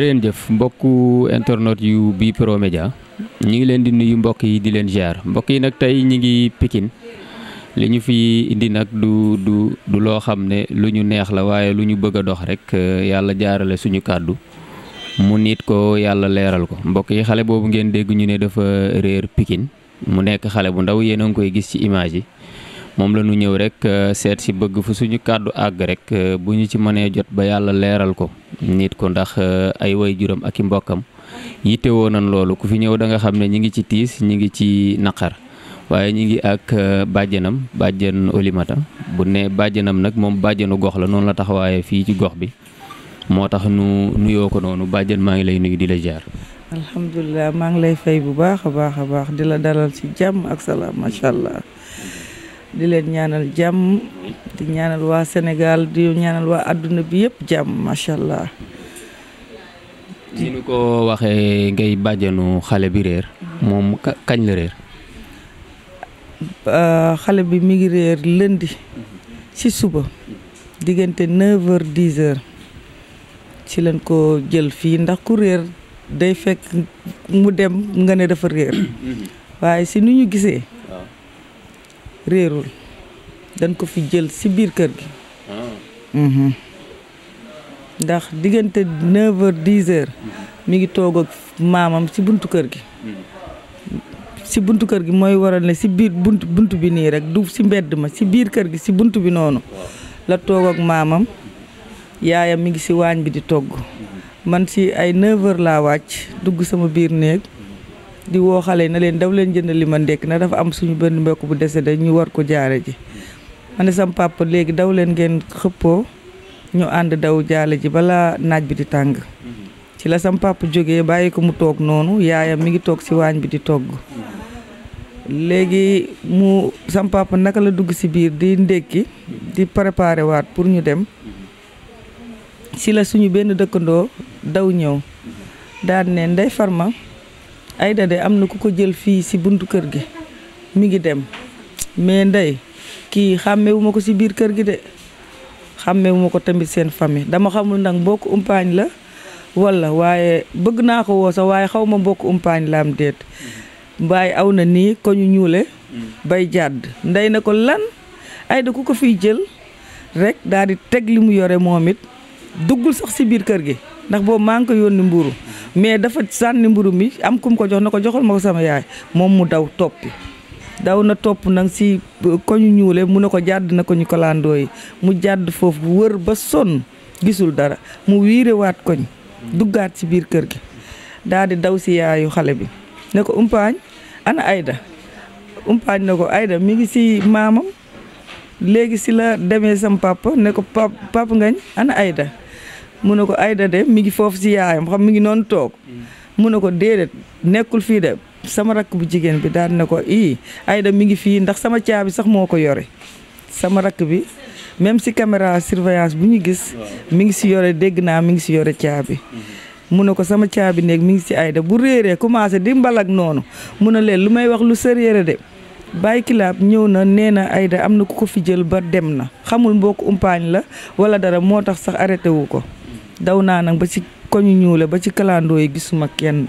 leen jëf mbokku internet yu bi Pro Média ñu ngi leen di nuyu mbokk yi di leen ziar mbokk yi nag tey ñu ngi Pikine li ñu fi indi nag du du du loo xam ne lu ñu neex la waaye lu ñu bëgg a dox rek euh, yàlla jaarale suñu kàddu mu nit ko yàlla leeral ko mbokk yi xale boobu ngeen dégg ñu ne dafa réer Pikine mu nekk xale bu ndaw yéen ngi koy gis ci image yi moom la ñu ñëw rek euh, seet si bëgg fu suñu kàddu àgg rek euh, bu ñu ci mënee jot ba yàlla leeral ko nit ko ndax euh, ay waajuram ak i mbokkam woo nañ loolu ku fi ñëw danga xam ne ñi ngi ci tiis ñi ngi ci naqar waaye ñi ngi ak bàjjanam bàjjan Olimata bu ne bàjjanam nag moom bàjjanu gox la noonu la taxawaaye fii ci gox bi moo tax nu nuyoo ko noonu bàjjan maa ngi lay nuyu di la jaar. alhamdulilah maa ngi lay fay bu baax a baax a baax di la dalal ci jàmm ak salaam macha allah. di leen ñaanal jàmm di ñaanal waa senegal di ñaanal waa àdduna bi yëpp jàmm macha allah. ni ko waxee ngay bàjjanu xale bi réer moom kañ la réer. Euh, xale bi mi ngi réer lundi ci suba diggante 9h 10h ci leen ko jël fii ndax ku réer day fekk mu dem nga ne dafa réer waaye si ni ñu gisee. réerul dañ ko fi jël si biir kër gi hmm. ndax diggante neuf heures dix heures mi ngi toog ak maamam si buntu kër gi si bunt kër gi mooy waral ne si biir bunt bunt bi nii rek du ci mbedd ma ci biir kër gi ci bunt bi noonu la toog ak maamam yaayam mi ngi ci waañ bi di togg man si ay neuf laa wàcc dugg sama biir néeg di woo xale na leen daw leen jënd li ma ndekk na dafa am suñu benn mbokk bu décédé ñu war ko jaale ji mane ne léegi daw leen ngeen xëppoo ñu ànd daw jaale ji balaa naaj bi di tàng mm-hmm. ci la sama papa jógee bàyyi ko mu toog noonu yaayam mi ngi toog si waañ bi di togg léegi mu sama naka la dugg si biir di ndékki di préparé waat pour ñu dem si la suñu benn dëkkandoo daw ñëw mm-hmm. daan ne ndey farma ayda de am na ku ko jël fii si buntu kër gi mu ngi dem mais ndey kii xàmmewuma ko ci biir kër gi de xàmmewuma ko tamit seen famille dama xamul nag mbokk umpaañ la walla waaye bëgg naa ko woo sax waaye xaw ma mbokk umpaañ laam déet mbaay aw na nii ko ñu ñuule bay jàdd ndey na ko lan Aïda ku ko fiy jël rek daal di teg li mu yore moom it duggul sax ci biir kër gi ndax boobu maa ngi ko yónni mburu mais dafa sànni mburu mi am kum ko jox na ko joxal ma ko sama yaay moom mu daw toppi daw na topp nag si koñu ñuule mu ne ko jàdd na ko ñu kolandoo yi mu jàdd foofu wër ba sonn gisul dara mu wiirewaat koñ duggaat ci biir kër gi daal di daw si yaayu xale bi ne ko umpaañ ana Ayda umpaañ na ko Ayda mi ngi si maamam léegi si la demee sam papa ne ko pap papa ngañ ana Ayda mu ne ko ayda de mi ngi foofu si yaayam xam mi ngi noonu toog mm. mu ne ko déedéet nekkul fii de sama rakk bu jigéen bi daal na ko ii ayda mi ngi fii ndax sama caabi sax moo ko yore sama rakk bi même si caméra surveillance bu ñu gis mi ngi si yore dégg naa mi ngi si yore caabi mm-hmm. mu ne ko sama caabi néeg mi ngi si ayda bu réeree commencé di mbalak noonu mu ne leen lu may wax lu sérieux de bàyyi kilaab ñëw na nee na Aida am na ku ko fi jël ba dem na xamul mbokk umpaañ la wala dara moo tax sax arrêté wu ko daw naa nag ba ci koñu ñuule ba ci kalandoo yi gisuma kenn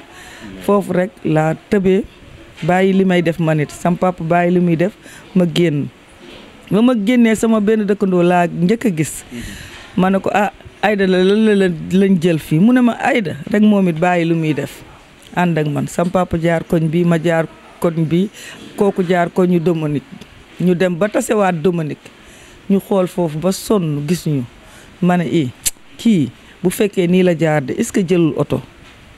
foofu rek laa tëbe bàyyi li may def ma nit sam bàyyi li muy def ma génn ba ma génnee sama benn dëkkandoo laa njëkk a gis mm-hmm. ma ne ko ah ayda la lan la lañ jël fii mu ne ma ayda rek moom it bàyyi lu muy def ànd ak man sam jaar koñ bi ma jaar koñ bi kooku jaar koñu Dominique ñu dem ba tasewaat Dominique ñu xool foofu ba sonn gisuñu ñu i eh, kii bu fekkee nii la jaar de est-ce que jëlul oto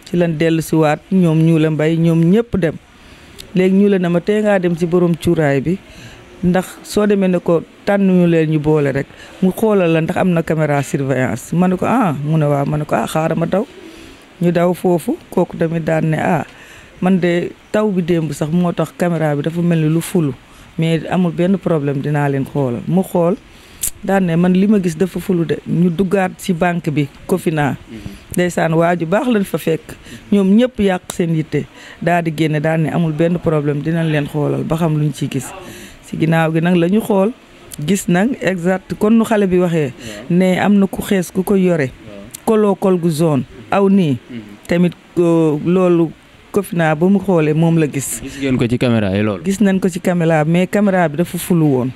ci leen dellu si waat ñoom ñu la mbay ñoom ñëpp dem léegi ñu na ma tey ngaa dem ci borom cuuraay bi ndax soo demee ne ko tànn leen ñu boole rek mu xoolal la ndax am na caméra surveillance ma ne ko ah mu ne waaw ma ne ko ah xaaral ma daw ñu daw foofu kooku tamit daan ne ah man de taw bi démb sax moo tax caméra bi dafa mel ni lu fulu mais amul benn problème dinaa leen xoolal mu xool daan man li ma gis dafa fulu de ñu duggaat ci banque bi Cofina. Mhm. ndeysaan waa ju baax lañ fa fekk. Mhm. ñoom ñëpp yàq seen yitte daal di génne daan amul benn problème dinañ leen xoolal ba xam luñ ci gis ci ginnaaw gi nag la ñu xool gis nag exact kon nu xale bi waxee. ne am na ku xees ku ko yore. koloo kol gu zone aw nii. Mhm. tamit loolu. Cofina ba mu xoolee moom la gis. gis ngeen ko ci caméra yi loolu. gis nañ ko ci caméra mais caméra bi dafa fulu woon.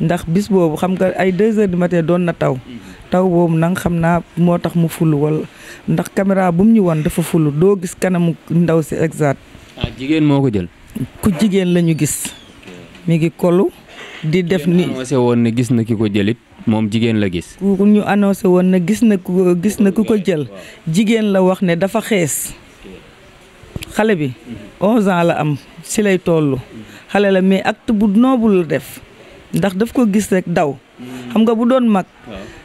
ndax bis boobu xam nga ay deux heures du doon na taw taw boobu nag xam naa moo tax mu fulu wala ndax caméra bu mu ñu woon dafa fulu doo gis kanamu ndaw si exact ah, jigéen moo ko jël ku jigéen la ñu gis mi ngi kolu di def ni woon na gis na ki ko jëlit moom jigéen la gis ku ñu annoncé woon na gis na ku gis na ku ko jël jigéen la wax ne dafa xees xale bi mm-hmm. onze la am si lay toll xale la mais acte bu noble la def ndax daf ko gis rek daw. xam nga bu doon mag.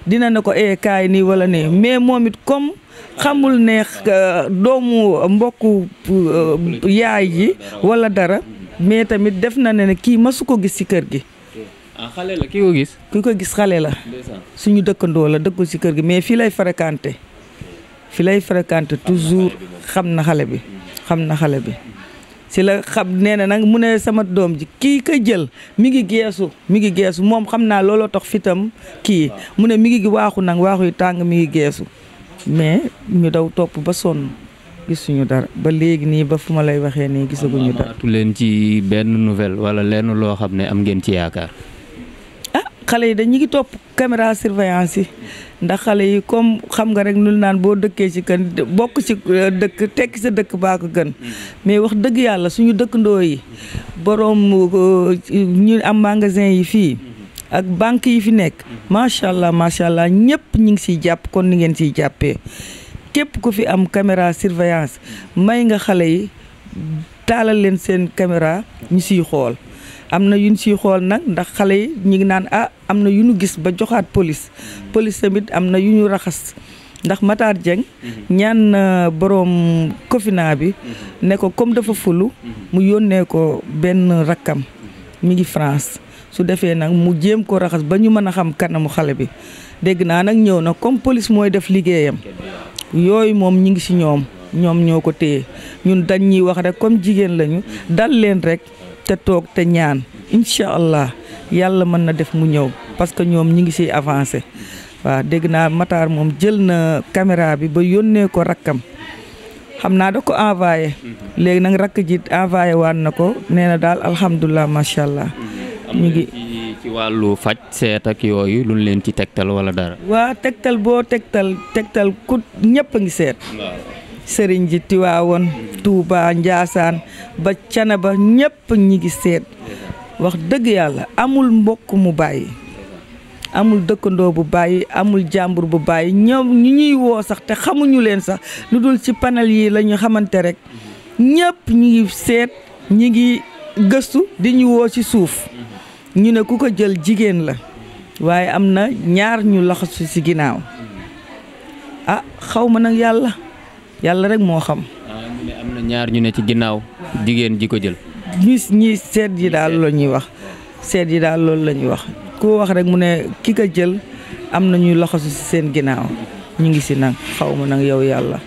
dina ne ko ee eh, kaay nii wala ne mais moom it comme xamul ne euh, doomu mbokk euh, yaay ji wala dara mm-hmm. mais tamit def na ne kii masu ko gis ci kër gi. ah xale la ko gis. ki ko gis xale la. suñu dëkkandoo la dëkkul ci kër gi mais fii lay fréquenté. fi lay fréquenté toujours xam na xale bi xam na xale bi. ci la xam nee na nag mu ne sama doom ji kii ka jël mi ngi geesu mi ngi geesu moom xam naa looloo tax fitam kii mu ne mi ngi gi waaxu nag waaxu yu tàng mi ngi geesu mais ñu daw topp ba sonn gisuñu dara ba léegi nii ba fu ma lay waxee nii gisaguñu dara. leen ci benn nouvelle wala lenn loo xam ne am ngeen ci yaakaar. xale yi dañu ngi topp caméra surveillance yi ndax xale yi comme xam nga rek ñu naan boo dëkkee ci kan bokk ci euh, dëkk tekki sa dëkk baa ko gën mm-hmm. mais wax dëgg yàlla suñu dëkkandoo yi boroom euh, ñu am magasin yi fii mm-hmm. ak banque yi fi nekk mm-hmm. macha allah macha allah ñëpp ñu ngi siy jàpp kon ni ngeen siy jàppee képp ku fi am caméra surveillance may nga xale yi taalal leen seen caméra ñu siy xool am na yuñ siy xool nag ndax xale yi ñu ngi naan ah am na yu ñu gis ba joxaat police police tamit am na yu ñu raxas ndax Matar Dieng mhm. ñaan na borom kofina bi mhm. ne ko comme dafa fulu mhm. mu yónnee ko benn rakkam mi ngi France su defee nag mu jéem ko raxas ba ñu mën a xam kanamu xale bi dégg naa nag ñëw na comme police mooy def liggéeyam yooyu moom ñu ngi ci ñoom ñoom ñoo ko téye ñun dañ ñuy wax rek comme jigéen lañu dal leen rek te toog te ñaan incha allah yàlla mën na def mu ñëw parce que ñoom ñu ngi si avancé waaw dégg naa Matar moom jël na caméra bi ba yónnee ko rakkam xam naa da ko envoyé mhm. léegi nag rakk ji envoyé waan na ko nee na daal alhamdulilah macha allah mhm. ñu ngi ci wàllu faj seet ak yooyu luñ leen ci tegtal wala dara waa tegtal boo tegtal tegtal ku ñëpp a ngi seet sëriñ ji Tiwaawoon tuuba Njaasaan ba Canaba ñépp ñi ngi seet wax dëgg yàlla amul mbokk mu bàyyi amul dëkkandoo bu bàyyi amul jàmbur bu bàyyi ñoom ñi ñuy woo sax te xamuñu leen sax lu dul ci panal yi lañu xamante rekk ñépp ñi ngi seet ñi ngi gëstu di ñu woo ci suuf ñu ne ku ko jël jigéen la waaye am na ñaar ñu laxasu ci ginnaaw ah xaw nag yàlla yàlla rek moo xam. Ah, ñu ne am na ñaar ñu ne ci ginnaaw jigéen ji ko jël. ñi ñi seet yi daal loolu ñuy wax seet yi daal loolu la ñuy wax ku wax rek mu ne kii ko jël am na ñuy laxasu si seen ginnaaw ñu ngi si nag xaw ma nag yow yàlla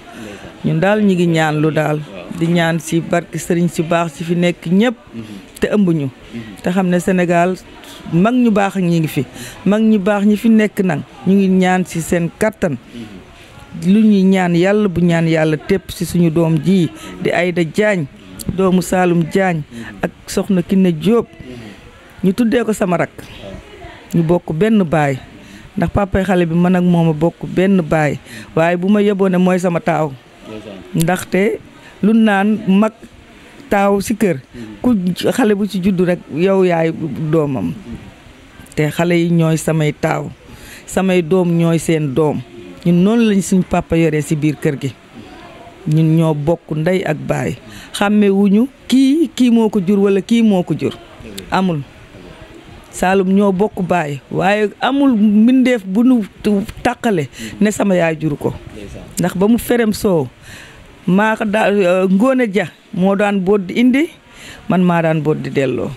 ñun daal ñu ngi ñaan lu daal di ñaan si barke sëriñ si baax si fi nekk ñëpp te ëmb ñu te xam ne Sénégal mag ñu baax ñi ngi fi mag ñi baax ñi fi nekk nag ñu ngi ñaan si seen kattan lu ñuy ñaan yàlla bu ñaan yàlla tépp ci suñu doom ji di ayda Diagne doomu Saalum jaañ ak soxna Kiné Diop ñu tuddee ko sama rak ñu bokk benn baay ndax papay xale bi mën ak moom a bokk benn baay waaye bu ma yeboon ne mooy sama taaw ndaxte lu naan mag taaw ci kër ku xale bu ci juddu rekk yow yaay doomam te xale yi ñooy samay taaw samay doom ñooy seen doom ñun noonu lañ suñ papa yoree si biir kër gi ñun ñoo bokk ndey ak baay xàmmewuñu kii kii moo ko jur wala kii moo ko jur amul Saalum ñoo bokk baay waaye amul mbindeef bu nu tàqale ne sama yaay juru ko ndax ba mu ferem soow maa ko daa euh, ngóone ja moo daan boot di indi man maa daan boot di delloo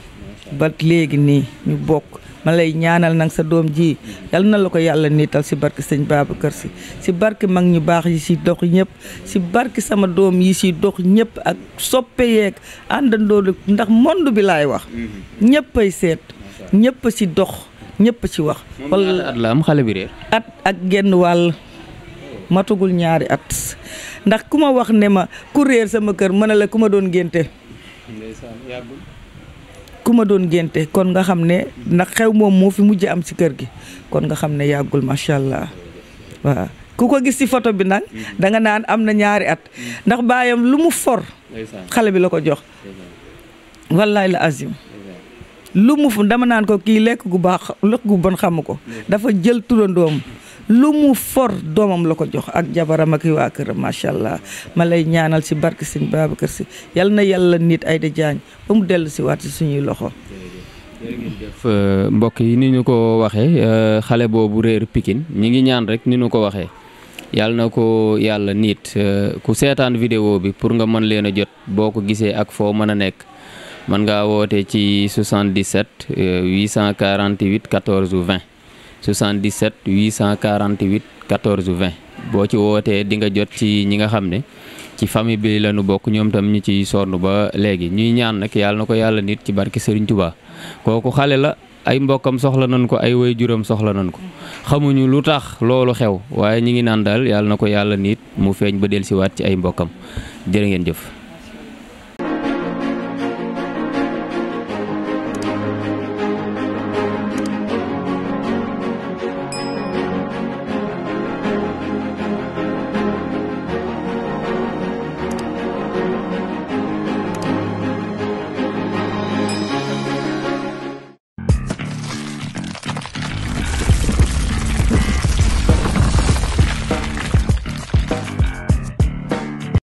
ba léegi nii ñu bokk ma lay ñaanal nag sa doom ji yal na la ko yàlla ci si barke baabu kër si ci barke mag ñu baax yi si dox ñëpp si barke sama doom yi si dox ñëpp ak soppe yeeg àndandoo ndax monde bi laay wax mm-hmm. ñëpp ay seet ñëpp si dox ñëpp ci wax wala at xale bi ak genn wàll matagul ñaari at ndax ku ma wax ne ma ku réer sama kër mën a la ku ma doon génte ku ma doon génte kon nga xam ne ndax xew moom moo fi mujj am ci kër gi kon nga xam ne yàggul macha allah waaw ku ko gis ci photo bi nag mm-hmm. da naan am na ñaari at mm-hmm. ndax baayam lu mu for xale bi la ko jox wallaay la azim lu mu fu dama naan ko kii lekk gu baax lekk gu bon xam ko dafa jël turandoom lu mu for doomam la ko jox ak jabaram ak waa këram macha allah ma lay ñaanal si barke sëñ Babacar si yal na yàlla nit ay da jaañ ba mu dellu si waat si suñuy loxo. Euh, mbokk yi ni ñu ko waxee euh, xale boobu réer pikin ñi ngi ñaan rek ni ñu ko waxee yàlla na ko yàlla nit euh, ku seetaan vidéo bi pour nga mën leen a jot boo ko gisee ak foo mën a nekk mën ngaa woote ci 77 848 14 20. 77 848 14 20 boo ci wootee di nga jot ci ñi nga xam ne ci famille bi la ñu bokk ñoom tam ñu ciy sonn ba léegi ñuy ñaan nag yàlla na ko yàlla nit ci barke Serigne Touba kooku xale la ay mbokkam soxla nañ ko ay waajuram soxla nañ ko xamuñu lu tax loolu xew waaye ñi ngi naan daal yàlla na ko yàlla nit mu feeñ ba dellusiwaat ci ay mbokkam jërë ngeen jëf.